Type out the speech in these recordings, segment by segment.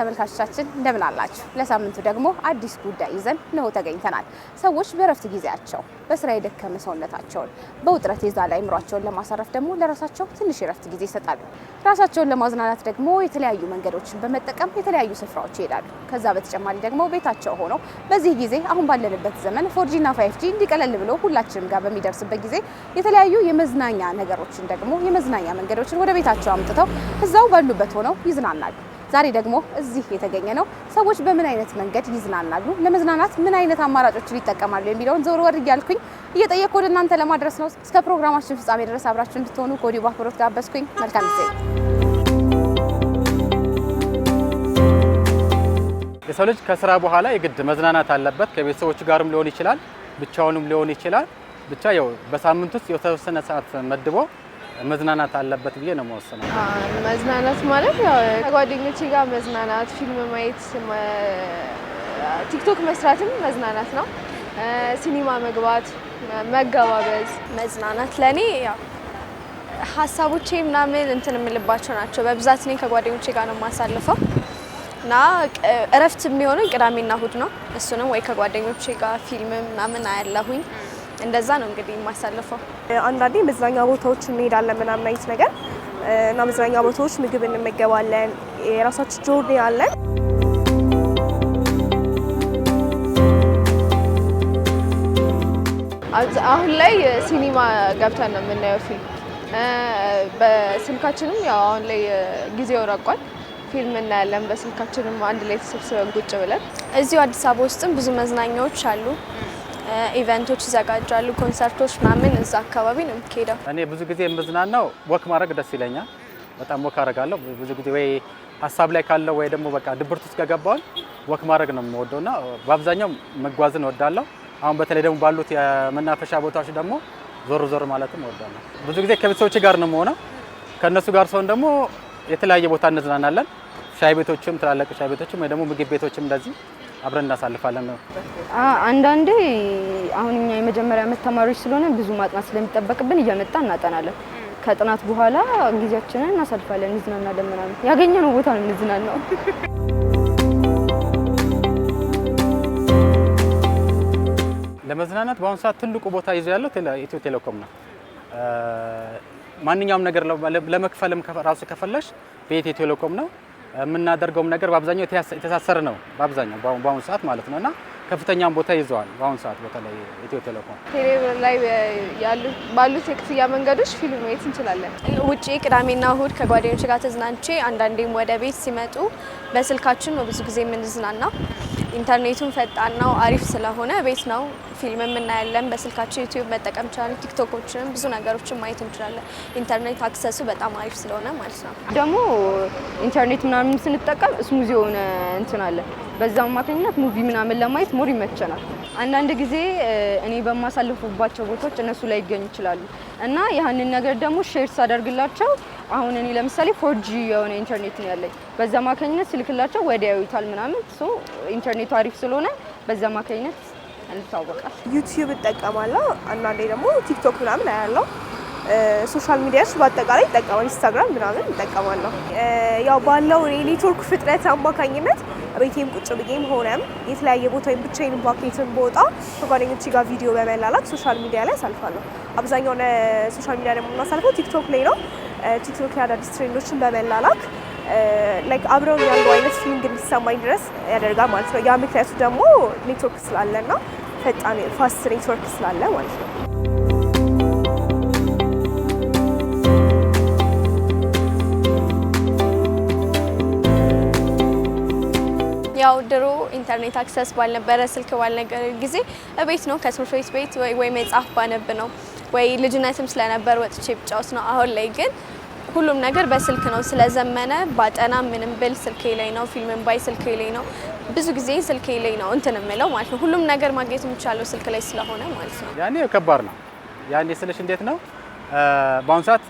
ተመልካቾቻችን እንደምን አላችሁ? ለሳምንቱ ደግሞ አዲስ ጉዳይ ይዘን እነሆ ተገኝተናል። ሰዎች በእረፍት ጊዜያቸው በስራ የደከመ ሰውነታቸውን በውጥረት የዛለ አእምሯቸውን ለማሳረፍ ደግሞ ለራሳቸው ትንሽ የእረፍት ጊዜ ይሰጣሉ። ራሳቸውን ለማዝናናት ደግሞ የተለያዩ መንገዶችን በመጠቀም የተለያዩ ስፍራዎች ይሄዳሉ። ከዛ በተጨማሪ ደግሞ ቤታቸው ሆነው በዚህ ጊዜ አሁን ባለንበት ዘመን ፎርጂ እና ፋይፍጂ እንዲቀለል ብሎ ሁላችንም ጋር በሚደርስበት ጊዜ የተለያዩ የመዝናኛ ነገሮችን ደግሞ የመዝናኛ መንገዶችን ወደ ቤታቸው አምጥተው እዛው ባሉበት ሆነው ይዝናናሉ። ዛሬ ደግሞ እዚህ የተገኘ ነው። ሰዎች በምን አይነት መንገድ ይዝናናሉ፣ ለመዝናናት ምን አይነት አማራጮችን ይጠቀማሉ የሚለውን ዞር ወር እያልኩኝ እየጠየቅኩ ወደ እናንተ ለማድረስ ነው። እስከ ፕሮግራማችን ፍጻሜ ድረስ አብራችሁ እንድትሆኑ ከወዲሁ በአክብሮት ጋበዝኩኝ። መልካም ጊዜ። የሰው ልጅ ከስራ በኋላ የግድ መዝናናት አለበት። ከቤተሰቦቹ ጋርም ሊሆን ይችላል፣ ብቻውንም ሊሆን ይችላል። ብቻ ያው በሳምንት ውስጥ የተወሰነ ሰዓት መድቦ መዝናናት አለበት ብዬ ነው መወስነው። መዝናናት ማለት ያው ከጓደኞቼ ጋር መዝናናት፣ ፊልም ማየት፣ ቲክቶክ መስራትም መዝናናት ነው። ሲኒማ መግባት፣ መገባበዝ፣ መዝናናት ለእኔ ያው ሀሳቦቼ ምናምን እንትን የምልባቸው ናቸው። በብዛት እኔ ከጓደኞቼ ጋር ነው የማሳልፈው እና እረፍት የሚሆነኝ ቅዳሜና እሁድ ነው። እሱንም ወይ ከጓደኞቼ ጋር ፊልም ምናምን አያለሁኝ እንደዛ ነው እንግዲህ የማሳልፈው። አንዳንዴ መዝናኛ ቦታዎች እንሄዳለን ምናምን አይነት ነገር እና መዝናኛ ቦታዎች ምግብ እንመገባለን። የራሳችን ጆርኒ አለን። አሁን ላይ ሲኒማ ገብተን ነው የምናየው ፊልም። በስልካችንም ያው አሁን ላይ ጊዜው ረቋል፣ ፊልም እናያለን በስልካችንም አንድ ላይ ተሰብስበን ቁጭ ብለን። እዚሁ አዲስ አበባ ውስጥም ብዙ መዝናኛዎች አሉ። ኢቨንቶች ይዘጋጃሉ፣ ኮንሰርቶች ምናምን እዛ አካባቢ ነው የምትሄደው? እኔ ብዙ ጊዜ የምዝናናው ወክ ማድረግ ደስ ይለኛል። በጣም ወክ አደርጋለሁ ብዙ ጊዜ ወይ ሀሳብ ላይ ካለው ወይ ደግሞ በቃ ድብርት ውስጥ ከገባሁኝ ወክ ማድረግ ነው የምወደው እና በአብዛኛው መጓዝን እወዳለሁ። አሁን በተለይ ደግሞ ባሉት የመናፈሻ ቦታዎች ደግሞ ዞር ዞር ማለትም እወዳለሁ። ብዙ ጊዜ ከቤተሰቦች ጋር ነው የምሆነው። ከእነሱ ጋር ሰውን ደግሞ የተለያየ ቦታ እንዝናናለን። ሻይ ቤቶችም፣ ትላልቅ ሻይ ቤቶችም ወይ ደግሞ ምግብ ቤቶችም እንደዚህ አብረን እናሳልፋለን ነው። አንዳንዴ አሁን እኛ የመጀመሪያ ዓመት ተማሪዎች ስለሆነ ብዙ ማጥናት ስለሚጠበቅብን እየመጣ እናጠናለን። ከጥናት በኋላ ጊዜያችንን እናሳልፋለን፣ እንዝናናለን ምናምን። ያገኘነው ቦታ ነው እንዝናናው። ለመዝናናት በአሁኑ ሰዓት ትልቁ ቦታ ይዞ ያለው ኢትዮ ቴሌኮም ነው። ማንኛውም ነገር ለመክፈልም ራሱ ከፈለሽ በኢትዮ ቴሌኮም ነው። የምናደርገውም ነገር በአብዛኛው የተሳሰረ ነው። በአብዛኛው በአሁኑ ሰዓት ማለት ነው እና ከፍተኛም ቦታ ይዘዋል። በአሁኑ ሰዓት በተለይ ኢትዮ ቴሌኮም ቴሌብር ላይ ባሉት የክፍያ መንገዶች ፊልም ማየት እንችላለን። ውጭ ቅዳሜና እሁድ ከጓደኞች ጋር ተዝናንቼ አንዳንዴም ወደ ቤት ሲመጡ በስልካችን ነው ብዙ ጊዜ የምንዝናና። ኢንተርኔቱን ፈጣን ነው፣ አሪፍ ስለሆነ ቤት ነው ፊልም እናያለን በስልካችን ዩቲዩብ መጠቀም እንችላለን። ቲክቶኮችንም ብዙ ነገሮችን ማየት እንችላለን። ኢንተርኔት አክሰሱ በጣም አሪፍ ስለሆነ ማለት ነው። ደግሞ ኢንተርኔት ምናምን ስንጠቀም ስሙዝ የሆነ እንትን አለ። በዛ አማካኝነት ሙቪ ምናምን ለማየት ሞር ይመቸናል። አንዳንድ ጊዜ እኔ በማሳልፉባቸው ቦታዎች እነሱ ላይ ይገኙ ይችላሉ እና ያህንን ነገር ደግሞ ሼር ሳደርግላቸው አሁን እኔ ለምሳሌ ፎርጂ የሆነ ኢንተርኔት ነው ያለኝ። በዛ አማካኝነት ስልክላቸው ወዲያው ይታል ምናምን ኢንተርኔቱ አሪፍ ስለሆነ በዛ አማካኝነት እንታወቃል። ዩቲዩብ እጠቀማለሁ። አንዳንዴ ደግሞ ቲክቶክ ምናምን አያለው። ሶሻል ሚዲያስ በአጠቃላይ ይጠቀማል። ኢንስታግራም ምናምን ይጠቀማለሁ። ያው ባለው የኔትወርክ ፍጥነት አማካኝነት ቤቴም ቁጭ ብዬም ሆነም የተለያየ ቦታ ብቻዬን ባኬትን በወጣ ከጓደኞች ጋር ቪዲዮ በመላላክ ሶሻል ሚዲያ ላይ አሳልፋለሁ። አብዛኛውን ሶሻል ሚዲያ ደግሞ የምናሳልፈው ቲክቶክ ላይ ነው። ቲክቶክ ላይ አዳዲስ ትሬንዶችን በመላላክ ላይክ አብረውን ያሉ አይነት ፊሊንግ እንዲሰማኝ ድረስ ያደርጋል ማለት ነው። ያ ምክንያቱ ደግሞ ኔትወርክ ስላለና ፈጣን ፋስት ኔትወርክ ስላለ ማለት ነው። ያው ድሮ ኢንተርኔት አክሰስ ባልነበረ ስልክ ባልነገር ጊዜ ቤት ነው ከትምህርት ቤት ቤት ወይ መጽሐፍ ባነብ ነው ወይ ልጅነትም ስለነበር ወጥቼ ብጫወት ነው። አሁን ላይ ግን ሁሉም ነገር በስልክ ነው ስለዘመነ ባጠና ምንም ብል ስልኬ ላይ ነው፣ ፊልምን ባይ ስልኬ ላይ ነው፣ ብዙ ጊዜ ስልኬ ላይ ነው እንትን የምለው ማለት ነው። ሁሉም ነገር ማግኘት የሚቻለው ስልክ ላይ ስለሆነ ማለት ነው። ያኔ ከባድ ነው። ያኔ ስልሽ እንዴት ነው በአሁኑ ሰዓት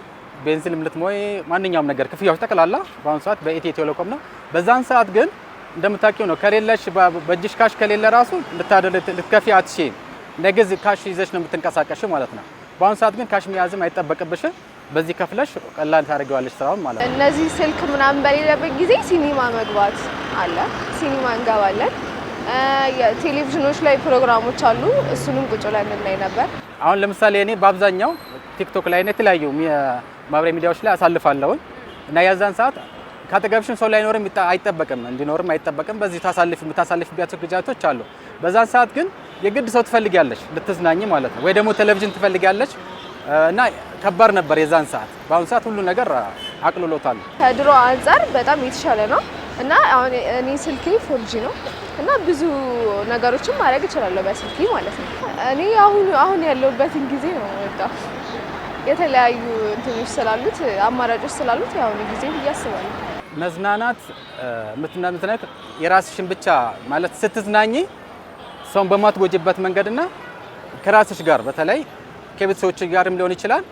ቤንዚን ሞይ ማንኛውም ነገር ክፍያዎች ጠቅላላ በአሁኑ ሰዓት በኢትዮ ቴሌኮም ነው። በዛን ሰዓት ግን እንደምታውቂው ነው ከሌለሽ በእጅሽ ካሽ ከሌለ ራሱ ልትከፊ አትሺ ነገዝ ካሽ ይዘሽ ነው የምትንቀሳቀሽ ማለት ነው። በአሁኑ ሰዓት ግን ካሽ መያዝም አይጠበቅብሽም። በዚህ ከፍለሽ ቀላል ታደርጊዋለሽ ስራውን ማለት ነው። እነዚህ ስልክ ምናምን በሌለበት ጊዜ ሲኒማ መግባት አለ። ሲኒማ እንገባለን። ቴሌቪዥኖች ላይ ፕሮግራሞች አሉ። እሱንም ቁጭ ብለን እናይ ነበር። አሁን ለምሳሌ እኔ በአብዛኛው ቲክቶክ ላይ እና የተለያዩ ማህበራዊ ሚዲያዎች ላይ አሳልፋለሁኝ እና ያዛን ሰዓት ከአጠገብሽም ሰው ላይኖርም አይጠበቅም እንዲኖርም አይጠበቅም። በዚህ ታሳልፍ የምታሳልፍባቸው ግጃቶች አሉ። በዛን ሰዓት ግን የግድ ሰው ትፈልጊያለሽ ልትዝናኝ ማለት ነው። ወይ ደግሞ ቴሌቪዥን ትፈልጊያለሽ እና ከባድ ነበር የዛን ሰዓት። በአሁኑ ሰዓት ሁሉ ነገር አቅልሎታል። ከድሮ አንጻር በጣም የተሻለ ነው እና አሁን እኔ ስልኬ ፎርጂ ነው እና ብዙ ነገሮችን ማድረግ እችላለሁ በስልኬ ማለት ነው። እኔ አሁን አሁን ያለሁበትን ጊዜ ነው ወጣ የተለያዩ እንትኖች ስላሉት አማራጮች ስላሉት የአሁኑ ጊዜ እያስባሉ አስባለሁ። መዝናናት ምትናምትነት የራስሽን ብቻ ማለት ስትዝናኝ ሰውን በማትጎጅበት መንገድና ከራስሽ ጋር በተለይ ከቤተሰቦች ጋርም ሊሆን ይችላል።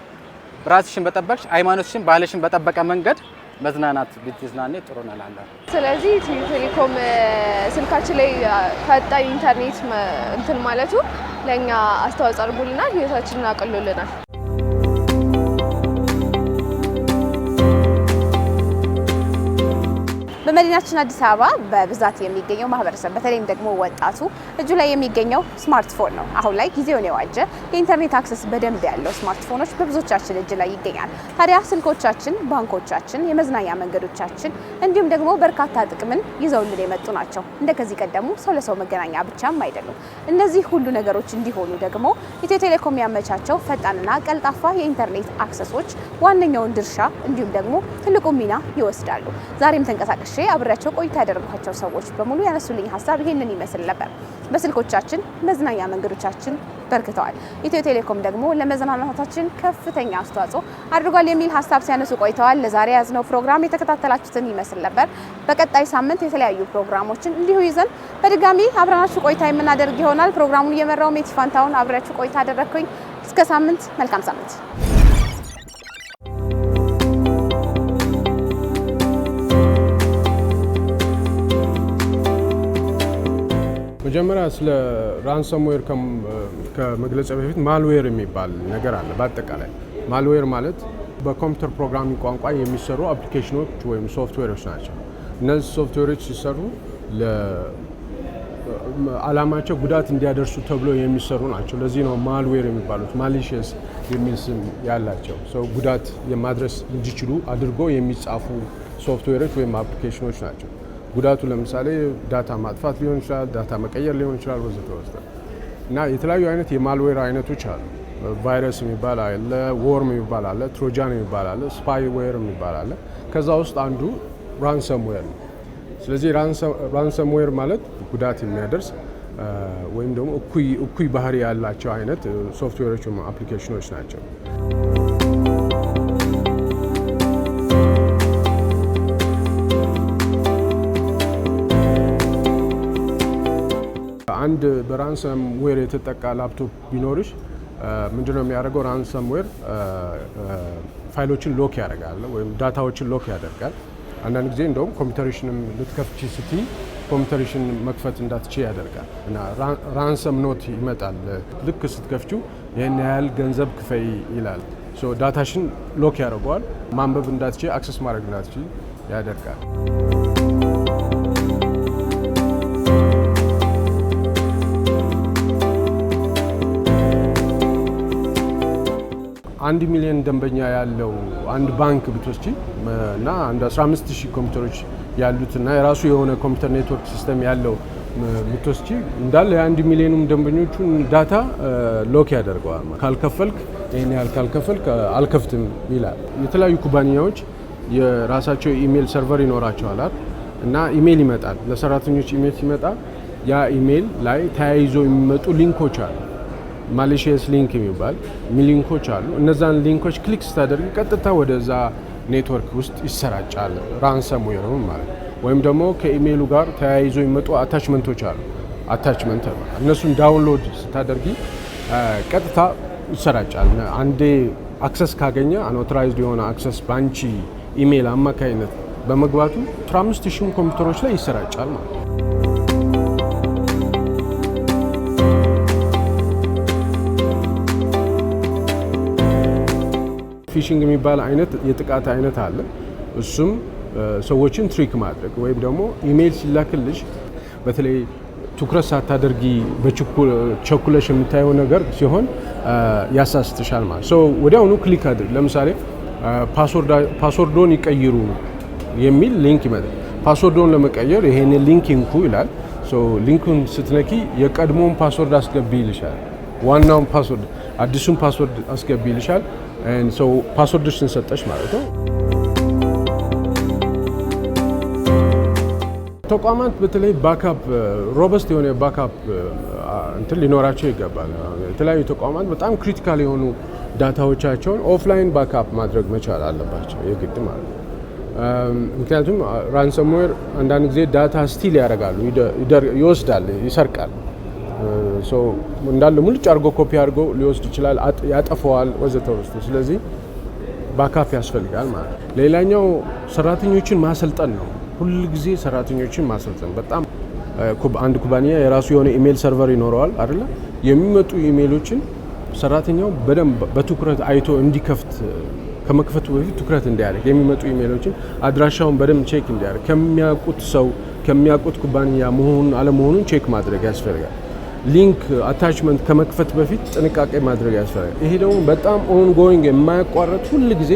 ራስሽን በጠበቅሽ ሃይማኖትሽን፣ ባህልሽን በጠበቀ መንገድ መዝናናት ብትዝናኔ ጥሩ ነላለ። ስለዚህ ቴሌኮም ስልካችን ላይ ፈጣን ኢንተርኔት እንትን ማለቱ ለእኛ አስተዋጽኦ አድርጎልናል፣ ህይወታችንን አቅሎልናል። በመዲናችን አዲስ አበባ በብዛት የሚገኘው ማህበረሰብ በተለይም ደግሞ ወጣቱ እጁ ላይ የሚገኘው ስማርትፎን ነው። አሁን ላይ ጊዜውን የዋጀ የኢንተርኔት አክሰስ በደንብ ያለው ስማርትፎኖች በብዙዎቻችን እጅ ላይ ይገኛል። ታዲያ ስልኮቻችን፣ ባንኮቻችን፣ የመዝናኛ መንገዶቻችን እንዲሁም ደግሞ በርካታ ጥቅምን ይዘውልን የመጡ ናቸው። እንደ ከዚህ ቀደሙ ሰው ለሰው መገናኛ ብቻም አይደሉም። እነዚህ ሁሉ ነገሮች እንዲሆኑ ደግሞ ኢትዮ ቴሌኮም ያመቻቸው ፈጣንና ቀልጣፋ የኢንተርኔት አክሰሶች ዋነኛውን ድርሻ እንዲሁም ደግሞ ትልቁ ሚና ይወስዳሉ። ዛሬም ተንቀሳቀሽ ይዤ አብሬያቸው ቆይታ ያደረግኳቸው ሰዎች በሙሉ ያነሱልኝ ሀሳብ ይሄንን ይመስል ነበር። በስልኮቻችን መዝናኛ መንገዶቻችን በርክተዋል። ኢትዮ ቴሌኮም ደግሞ ለመዝናናታችን ከፍተኛ አስተዋጽኦ አድርጓል የሚል ሀሳብ ሲያነሱ ቆይተዋል። ለዛሬ ያዝነው ፕሮግራም የተከታተላችሁትን ይመስል ነበር። በቀጣይ ሳምንት የተለያዩ ፕሮግራሞችን እንዲሁ ይዘን በድጋሚ አብረናችሁ ቆይታ የምናደርግ ይሆናል። ፕሮግራሙን እየመራው ሜቲ ፋንታውን አብሬያችሁ ቆይታ አደረግኩኝ። እስከ ሳምንት፣ መልካም ሳምንት። መጀመሪያ ስለ ራንሰምዌር ከመግለጫ በፊት ማልዌር የሚባል ነገር አለ። በአጠቃላይ ማልዌር ማለት በኮምፒውተር ፕሮግራሚንግ ቋንቋ የሚሰሩ አፕሊኬሽኖች ወይም ሶፍትዌሮች ናቸው። እነዚህ ሶፍትዌሮች ሲሰሩ ዓላማቸው ጉዳት እንዲያደርሱ ተብሎ የሚሰሩ ናቸው። ለዚህ ነው ማልዌር የሚባሉት ማሊሽየስ የሚል ስም ያላቸው ሰው ጉዳት ማድረስ እንዲችሉ አድርጎ የሚጻፉ ሶፍትዌሮች ወይም አፕሊኬሽኖች ናቸው። ጉዳቱ ለምሳሌ ዳታ ማጥፋት ሊሆን ይችላል፣ ዳታ መቀየር ሊሆን ይችላል ወዘተ ወዘተ እና የተለያዩ አይነት የማልዌር አይነቶች አሉ። ቫይረስ የሚባል አለ፣ ዎርም የሚባል አለ፣ ትሮጃን የሚባል አለ፣ ስፓይዌር የሚባል አለ። ከዛ ውስጥ አንዱ ራንሰምዌር ነው። ስለዚህ ራንሰምዌር ማለት ጉዳት የሚያደርስ ወይም ደግሞ እኩይ ባህሪ ያላቸው አይነት ሶፍትዌሮች አፕሊኬሽኖች ናቸው። አንድ በራንሰም ዌር የተጠቃ ላፕቶፕ ቢኖርሽ ምንድነው የሚያደርገው? ራንሰም ዌር ፋይሎችን ሎክ ያደርጋል ወይም ዳታዎችን ሎክ ያደርጋል። አንዳንድ ጊዜ እንደውም ኮምፒውተርሽንም ልትከፍች ስቲ ኮምፒውተርሽን መክፈት እንዳትች ያደርጋል እና ራንሰም ኖት ይመጣል። ልክ ስትከፍችው ይህን ያህል ገንዘብ ክፈይ ይላል። ዳታሽን ሎክ ያደርገዋል። ማንበብ እንዳትች፣ አክሰስ ማድረግ እንዳትች ያደርጋል። አንድ ሚሊዮን ደንበኛ ያለው አንድ ባንክ ብትወስጂ እና አንድ 15 ሺህ ኮምፒውተሮች ያሉት እና የራሱ የሆነ ኮምፒውተር ኔትወርክ ሲስተም ያለው ብትወስጂ እንዳለ የአንድ ሚሊዮኑም ደንበኞቹን ዳታ ሎክ ያደርገዋል። ካልከፈልክ ይህን ያህል ካልከፈልክ አልከፍትም ይላል። የተለያዩ ኩባንያዎች የራሳቸው ኢሜይል ሰርቨር ይኖራቸዋል እና ኢሜይል ይመጣል፣ ለሰራተኞች ኢሜይል ሲመጣ ያ ኢሜይል ላይ ተያይዞ የሚመጡ ሊንኮች አሉ ማሌሽየስ ሊንክ የሚባል ሊንኮች አሉ። እነዛን ሊንኮች ክሊክ ስታደርግ ቀጥታ ወደዛ ኔትወርክ ውስጥ ይሰራጫል። ራንሰም ዌርም ማለት ወይም ደግሞ ከኢሜይሉ ጋር ተያይዞ የሚመጡ አታችመንቶች አሉ። አታችመንት እነሱን ዳውንሎድ ስታደርጊ ቀጥታ ይሰራጫል። አንዴ አክሰስ ካገኘ አንኦቶራይዝድ የሆነ አክሰስ በአንቺ ኢሜይል አማካኝነት በመግባቱ አስራ ሺህ ኮምፒውተሮች ላይ ይሰራጫል ማለት ነው። ፊሽንግ የሚባል አይነት የጥቃት አይነት አለ። እሱም ሰዎችን ትሪክ ማድረግ ወይም ደግሞ ኢሜይል ሲላክልሽ በተለይ ትኩረት ሳታደርጊ በቸኩለሽ የምታየው ነገር ሲሆን ያሳስትሻል ማለት ሰው ወዲያውኑ ክሊክ አድርግ። ለምሳሌ ፓስወርዶን ይቀይሩ የሚል ሊንክ ይመጣል። ፓስወርዶን ለመቀየር ይሄን ሊንክ ይንኩ ይላል። ሊንኩን ስትነኪ የቀድሞውን ፓስወርድ አስገቢ ይልሻል። ዋናውን ፓስወርድ አዲሱን ፓስወርድ አስገቢ ይልሻል። ሰው ፓስወርድሽን ሰጠሽ ማለት ነው። ተቋማት በተለይ ባካፕ ሮበስት የሆነ ባካፕ እንትን ሊኖራቸው ይገባል። የተለያዩ ተቋማት በጣም ክሪቲካል የሆኑ ዳታዎቻቸውን ኦፍላይን ባካፕ ማድረግ መቻል አለባቸው የግድ ማለት ነው። ምክንያቱም ራንሰምዌር አንዳንድ ጊዜ ዳታ ስቲል ያደርጋሉ፣ ይወስዳል፣ ይሰርቃል። እንዳለ ሙልጭ አድርጎ ኮፒ አድርጎ ሊወስድ ይችላል፣ ያጠፈዋል፣ ወዘተ ወስዶ ስለዚህ ባካፍ ያስፈልጋል ማለት ነው። ሌላኛው ሰራተኞችን ማሰልጠን ነው። ሁል ጊዜ ሰራተኞችን ማሰልጠን በጣም አንድ ኩባንያ የራሱ የሆነ ኢሜል ሰርቨር ይኖረዋል አይደለ? የሚመጡ ኢሜሎችን ሰራተኛው በደንብ በትኩረት አይቶ እንዲከፍት ከመክፈቱ በፊት ትኩረት እንዲያደርግ የሚመጡ ኢሜሎችን አድራሻውን በደንብ ቼክ እንዲያደርግ ከሚያውቁት ሰው ከሚያውቁት ኩባንያ መሆኑን አለመሆኑን ቼክ ማድረግ ያስፈልጋል። ሊንክ አታችመንት ከመክፈት በፊት ጥንቃቄ ማድረግ ያስፈልጋል። ይሄ ደግሞ በጣም ኦንጎይንግ የማያቋረጥ ሁል ጊዜ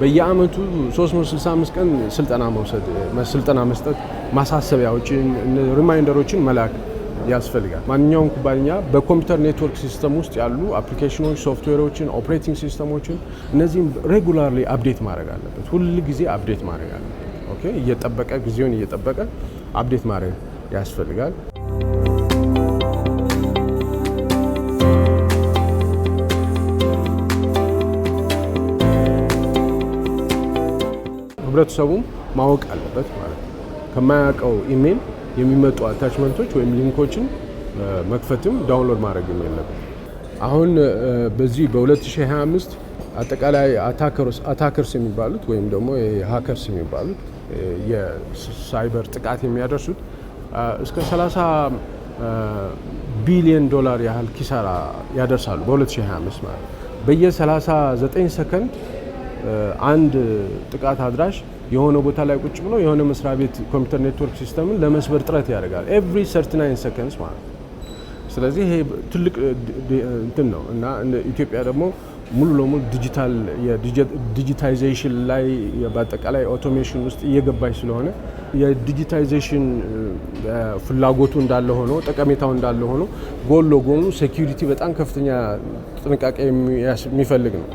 በየአመቱ 365 ቀን ስልጠና መውሰድ ስልጠና መስጠት ማሳሰቢያዎችን፣ ሪማይንደሮችን መላክ ያስፈልጋል። ማንኛውም ኩባንያ በኮምፒውተር ኔትወርክ ሲስተም ውስጥ ያሉ አፕሊኬሽኖች፣ ሶፍትዌሮችን፣ ኦፕሬቲንግ ሲስተሞችን እነዚህም ሬጉላርሊ አፕዴት ማድረግ አለበት። ሁል ጊዜ አፕዴት ማድረግ አለበት። ኦኬ፣ እየጠበቀ ጊዜውን እየጠበቀ አፕዴት ማድረግ ያስፈልጋል። ህብረተሰቡም ማወቅ አለበት ማለት ነው። ከማያውቀው ኢሜል የሚመጡ አታችመንቶች ወይም ሊንኮችን መክፈትም ዳውንሎድ ማድረግ የለበት። አሁን በዚህ በ2025 አጠቃላይ አታከርስ የሚባሉት ወይም ደግሞ ሀከርስ የሚባሉት የሳይበር ጥቃት የሚያደርሱት እስከ 30 ቢሊዮን ዶላር ያህል ኪሳራ ያደርሳሉ በ2025 ማለት በየ39 ሰከንድ አንድ ጥቃት አድራሽ የሆነ ቦታ ላይ ቁጭ ብሎ የሆነ መስሪያ ቤት ኮምፒውተር ኔትወርክ ሲስተምን ለመስበር ጥረት ያደርጋል ኤቭሪ ሰርቲ ሰከንድስ ማለት ነው። ስለዚህ ይሄ ትልቅ እንትን ነው እና ኢትዮጵያ ደግሞ ሙሉ ለሙሉ ዲጂታል ዲጂታይዜሽን ላይ በአጠቃላይ ኦቶሜሽን ውስጥ እየገባች ስለሆነ የዲጂታይዜሽን ፍላጎቱ እንዳለ ሆኖ ጠቀሜታው እንዳለ ሆኖ ጎን ለጎኑ ሴኪሪቲ በጣም ከፍተኛ ጥንቃቄ የሚፈልግ ነው።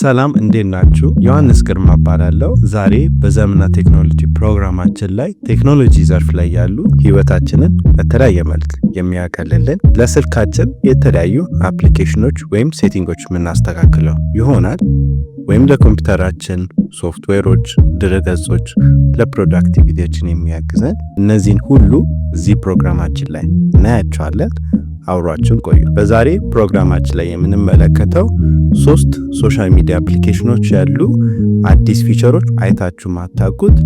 ሰላም እንዴት ናችሁ? ዮሐንስ ግርማ እባላለሁ። ዛሬ በዘመንና ቴክኖሎጂ ፕሮግራማችን ላይ ቴክኖሎጂ ዘርፍ ላይ ያሉ ህይወታችንን በተለያየ መልክ የሚያቀልልን ለስልካችን የተለያዩ አፕሊኬሽኖች ወይም ሴቲንጎች የምናስተካክለው ይሆናል ወይም ለኮምፒውተራችን ሶፍትዌሮች፣ ድረገጾች ለፕሮዳክቲቪቲዎችን የሚያግዘን እነዚህን ሁሉ እዚህ ፕሮግራማችን ላይ እናያቸዋለን። አብሯችን ቆዩ። በዛሬ ፕሮግራማችን ላይ የምንመለከተው ሶስት ሶሻል ሚዲያ አፕሊኬሽኖች ያሉ አዲስ ፊቸሮች አይታችሁ ማታውቁት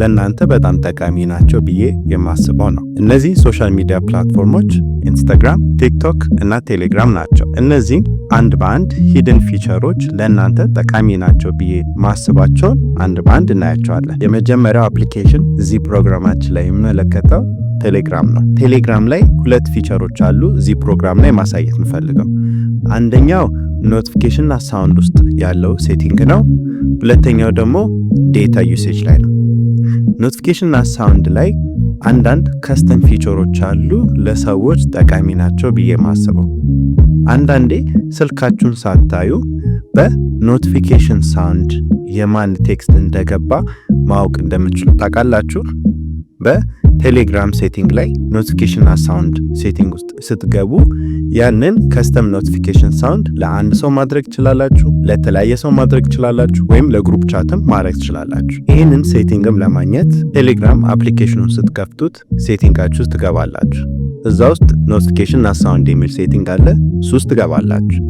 ለእናንተ በጣም ጠቃሚ ናቸው ብዬ የማስበው ነው። እነዚህ ሶሻል ሚዲያ ፕላትፎርሞች ኢንስታግራም፣ ቲክቶክ እና ቴሌግራም ናቸው። እነዚህ አንድ በአንድ ሂድን ፊቸሮች ለእናንተ ጠቃሚ ናቸው ብዬ ማስባቸውን አንድ በአንድ እናያቸዋለን። የመጀመሪያው አፕሊኬሽን እዚህ ፕሮግራማችን ላይ የምመለከተው ቴሌግራም ነው። ቴሌግራም ላይ ሁለት ፊቸሮች አሉ እዚህ ፕሮግራም ላይ ማሳየት የምፈልገው አንደኛው ኖቲፊኬሽንና ሳውንድ ውስጥ ያለው ሴቲንግ ነው። ሁለተኛው ደግሞ ዴታ ዩሴጅ ላይ ነው። ኖቲፊኬሽን እና ሳውንድ ላይ አንዳንድ ከስተም ፊቸሮች አሉ ለሰዎች ጠቃሚ ናቸው ብዬ ማስበው። አንዳንዴ ስልካችሁን ሳታዩ በኖቲፊኬሽን ሳውንድ የማን ቴክስት እንደገባ ማወቅ እንደምችሉ ታውቃላችሁ። ቴሌግራም ሴቲንግ ላይ ኖቲፊኬሽን ሳውንድ ሴቲንግ ውስጥ ስትገቡ ያንን ከስተም ኖቲፊኬሽን ሳውንድ ለአንድ ሰው ማድረግ ትችላላችሁ፣ ለተለያየ ሰው ማድረግ ትችላላችሁ፣ ወይም ለግሩፕ ቻትም ማድረግ ትችላላችሁ። ይህንን ሴቲንግም ለማግኘት ቴሌግራም አፕሊኬሽኑን ስትከፍቱት ሴቲንጋችሁ ውስጥ ትገባላችሁ። እዛ ውስጥ ኖቲፊኬሽን ሳውንድ የሚል ሴቲንግ አለ። እሱ ትገባላችሁ።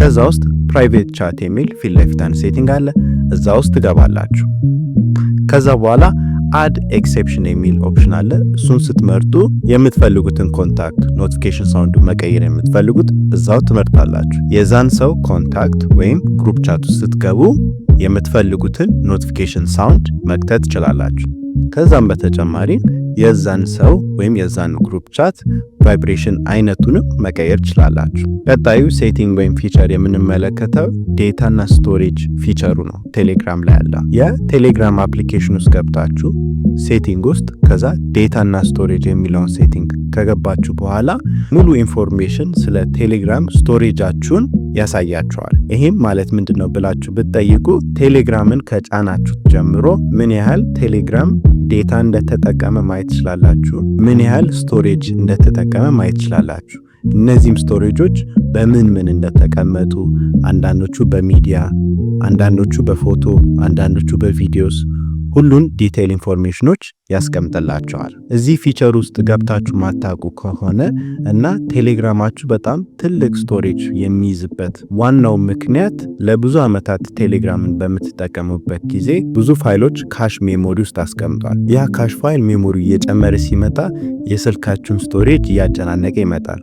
ከዛ ውስጥ ፕራይቬት ቻት የሚል ፊት ለፊት አንድ ሴቲንግ አለ። እዛ ውስጥ ትገባላችሁ። ከዛ በኋላ አድ ኤክሴፕሽን የሚል ኦፕሽን አለ። እሱን ስትመርጡ የምትፈልጉትን ኮንታክት ኖቲፊኬሽን ሳውንድ መቀየር የምትፈልጉት እዛው ትመርጣላችሁ። የዛን ሰው ኮንታክት ወይም ግሩፕ ቻቱ ስትገቡ የምትፈልጉትን ኖቲፊኬሽን ሳውንድ መክተት ትችላላችሁ። ከዛም በተጨማሪ የዛን ሰው ወይም የዛን ግሩፕ ቻት ቫይብሬሽን አይነቱንም መቀየር ችላላችሁ። ቀጣዩ ሴቲንግ ወይም ፊቸር የምንመለከተው ዴታና ስቶሬጅ ፊቸሩ ነው። ቴሌግራም ላይ ያለ የቴሌግራም አፕሊኬሽን ውስጥ ገብታችሁ ሴቲንግ ውስጥ ከዛ ዴታና ስቶሬጅ የሚለውን ሴቲንግ ከገባችሁ በኋላ ሙሉ ኢንፎርሜሽን ስለ ቴሌግራም ስቶሬጃችሁን ያሳያቸዋል። ይህም ማለት ምንድን ነው ብላችሁ ብትጠይቁ ቴሌግራምን ከጫናችሁት ጀምሮ ምን ያህል ቴሌግራም ዴታ እንደተጠቀመ ማየት ትችላላችሁ። ምን ያህል ስቶሬጅ እንደተጠቀመ ማየት ትችላላችሁ። እነዚህም ስቶሬጆች በምን ምን እንደተቀመጡ አንዳንዶቹ በሚዲያ፣ አንዳንዶቹ በፎቶ፣ አንዳንዶቹ በቪዲዮስ ሁሉን ዲቴይል ኢንፎርሜሽኖች ያስቀምጥላቸዋል። እዚህ ፊቸር ውስጥ ገብታችሁ ማታውቁ ከሆነ እና ቴሌግራማችሁ በጣም ትልቅ ስቶሬጅ የሚይዝበት ዋናው ምክንያት ለብዙ ዓመታት ቴሌግራምን በምትጠቀሙበት ጊዜ ብዙ ፋይሎች ካሽ ሜሞሪ ውስጥ አስቀምጧል። ያ ካሽ ፋይል ሜሞሪ እየጨመረ ሲመጣ የስልካችሁን ስቶሬጅ እያጨናነቀ ይመጣል።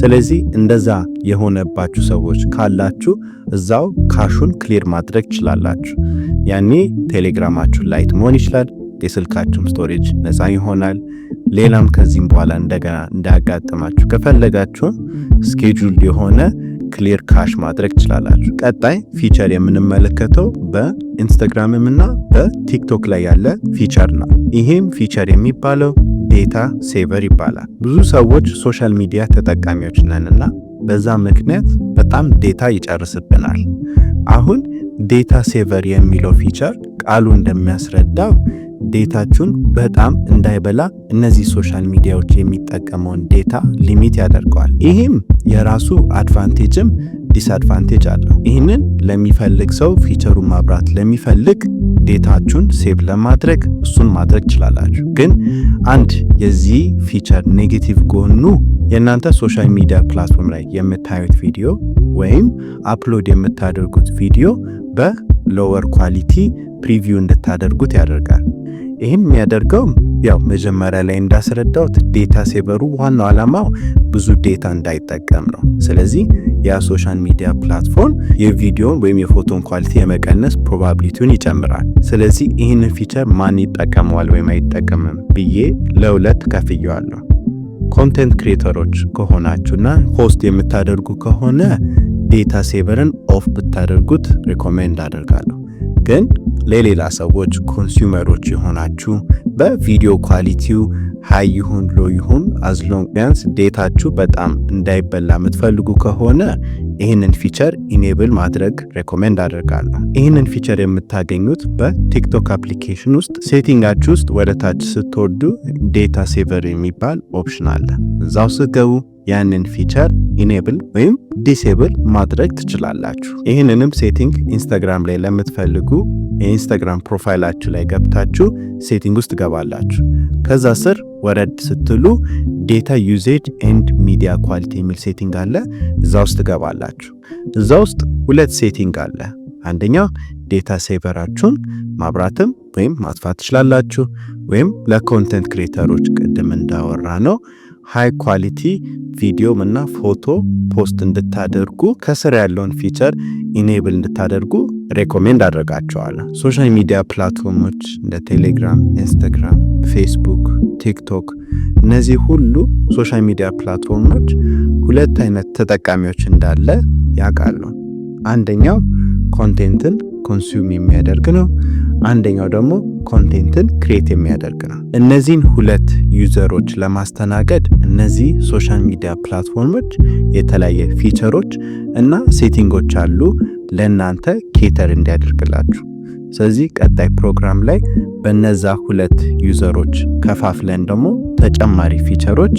ስለዚህ እንደዛ የሆነባችሁ ሰዎች ካላችሁ እዛው ካሹን ክሊር ማድረግ ትችላላችሁ። ያኔ ቴሌግራማችሁ ላይ ላይት መሆን ይችላል። የስልካችሁም ስቶሬጅ ነፃ ይሆናል። ሌላም ከዚህም በኋላ እንደገና እንዳያጋጥማችሁ ከፈለጋችሁም ስኬጁል የሆነ ክሊር ካሽ ማድረግ ትችላላችሁ። ቀጣይ ፊቸር የምንመለከተው በኢንስታግራምም እና በቲክቶክ ላይ ያለ ፊቸር ነው። ይህም ፊቸር የሚባለው ዴታ ሴቨር ይባላል። ብዙ ሰዎች ሶሻል ሚዲያ ተጠቃሚዎች ነን በዛ ምክንያት በጣም ዴታ ይጨርስብናል። አሁን ዴታ ሴቨር የሚለው ፊቸር ቃሉ እንደሚያስረዳው ዴታችሁን በጣም እንዳይበላ እነዚህ ሶሻል ሚዲያዎች የሚጠቀመውን ዴታ ሊሚት ያደርገዋል። ይህም የራሱ አድቫንቴጅም ዲስአድቫንቴጅ አለው። ይህንን ለሚፈልግ ሰው ፊቸሩን ማብራት ለሚፈልግ ዴታችሁን ሴቭ ለማድረግ እሱን ማድረግ ትችላላችሁ። ግን አንድ የዚህ ፊቸር ኔጌቲቭ ጎኑ የእናንተ ሶሻል ሚዲያ ፕላትፎርም ላይ የምታዩት ቪዲዮ ወይም አፕሎድ የምታደርጉት ቪዲዮ በሎወር ኳሊቲ ፕሪቪው እንድታደርጉት ያደርጋል። ይህም የሚያደርገው ያው መጀመሪያ ላይ እንዳስረዳሁት ዴታ ሴቨሩ ዋናው ዓላማው ብዙ ዴታ እንዳይጠቀም ነው። ስለዚህ ያ ሶሻል ሚዲያ ፕላትፎርም የቪዲዮን ወይም የፎቶን ኳሊቲ የመቀነስ ፕሮባቢሊቲውን ይጨምራል። ስለዚህ ይህንን ፊቸር ማን ይጠቀመዋል ወይም አይጠቀምም ብዬ ለሁለት ከፍየዋለሁ። ኮንቴንት ክሬተሮች ከሆናችሁና ሆስት የምታደርጉ ከሆነ ዴታ ሴቨርን ኦፍ ብታደርጉት ሪኮሜንድ አደርጋለሁ። ግን ለሌላ ሰዎች ኮንሱመሮች የሆናችሁ በቪዲዮ ኳሊቲው ሀይ ይሁን ሎ ይሁን አዝሎንግ ቢያንስ ዴታችሁ በጣም እንዳይበላ የምትፈልጉ ከሆነ ይህንን ፊቸር ኢኔብል ማድረግ ሬኮሜንድ አድርጋለሁ። ይህንን ፊቸር የምታገኙት በቲክቶክ አፕሊኬሽን ውስጥ ሴቲንጋችሁ ውስጥ ወደ ታች ስትወርዱ ዴታ ሴቨር የሚባል ኦፕሽን አለ። እዛው ስገቡ ያንን ፊቸር ኢኔብል ወይም ዲሴብል ማድረግ ትችላላችሁ። ይህንንም ሴቲንግ ኢንስታግራም ላይ ለምትፈልጉ የኢንስታግራም ፕሮፋይላችሁ ላይ ገብታችሁ ሴቲንግ ውስጥ ገባላችሁ። ከዛ ስር ወረድ ስትሉ ዴታ ዩዜጅ ኤንድ ሚዲያ ኳሊቲ የሚል ሴቲንግ አለ። እዛ ውስጥ ገባላችሁ። እዛ ውስጥ ሁለት ሴቲንግ አለ። አንደኛው ዴታ ሴቨራችሁን ማብራትም ወይም ማጥፋት ትችላላችሁ። ወይም ለኮንተንት ክሬተሮች ቅድም እንዳወራ ነው ሃይ ኳሊቲ ቪዲዮም እና ፎቶ ፖስት እንድታደርጉ ከስር ያለውን ፊቸር ኢኔብል እንድታደርጉ ሬኮሜንድ አድርጋቸዋለሁ። ሶሻል ሚዲያ ፕላትፎርሞች እንደ ቴሌግራም፣ ኢንስታግራም፣ ፌስቡክ፣ ቲክቶክ እነዚህ ሁሉ ሶሻል ሚዲያ ፕላትፎርሞች ሁለት አይነት ተጠቃሚዎች እንዳለ ያውቃሉ። አንደኛው ኮንቴንትን ኮንሱም የሚያደርግ ነው። አንደኛው ደግሞ ኮንቴንትን ክሬት የሚያደርግ ነው። እነዚህን ሁለት ዩዘሮች ለማስተናገድ እነዚህ ሶሻል ሚዲያ ፕላትፎርሞች የተለያየ ፊቸሮች እና ሴቲንጎች አሉ ለእናንተ ኬተር እንዲያደርግላችሁ። ስለዚህ ቀጣይ ፕሮግራም ላይ በነዛ ሁለት ዩዘሮች ከፋፍለን ደግሞ ተጨማሪ ፊቸሮች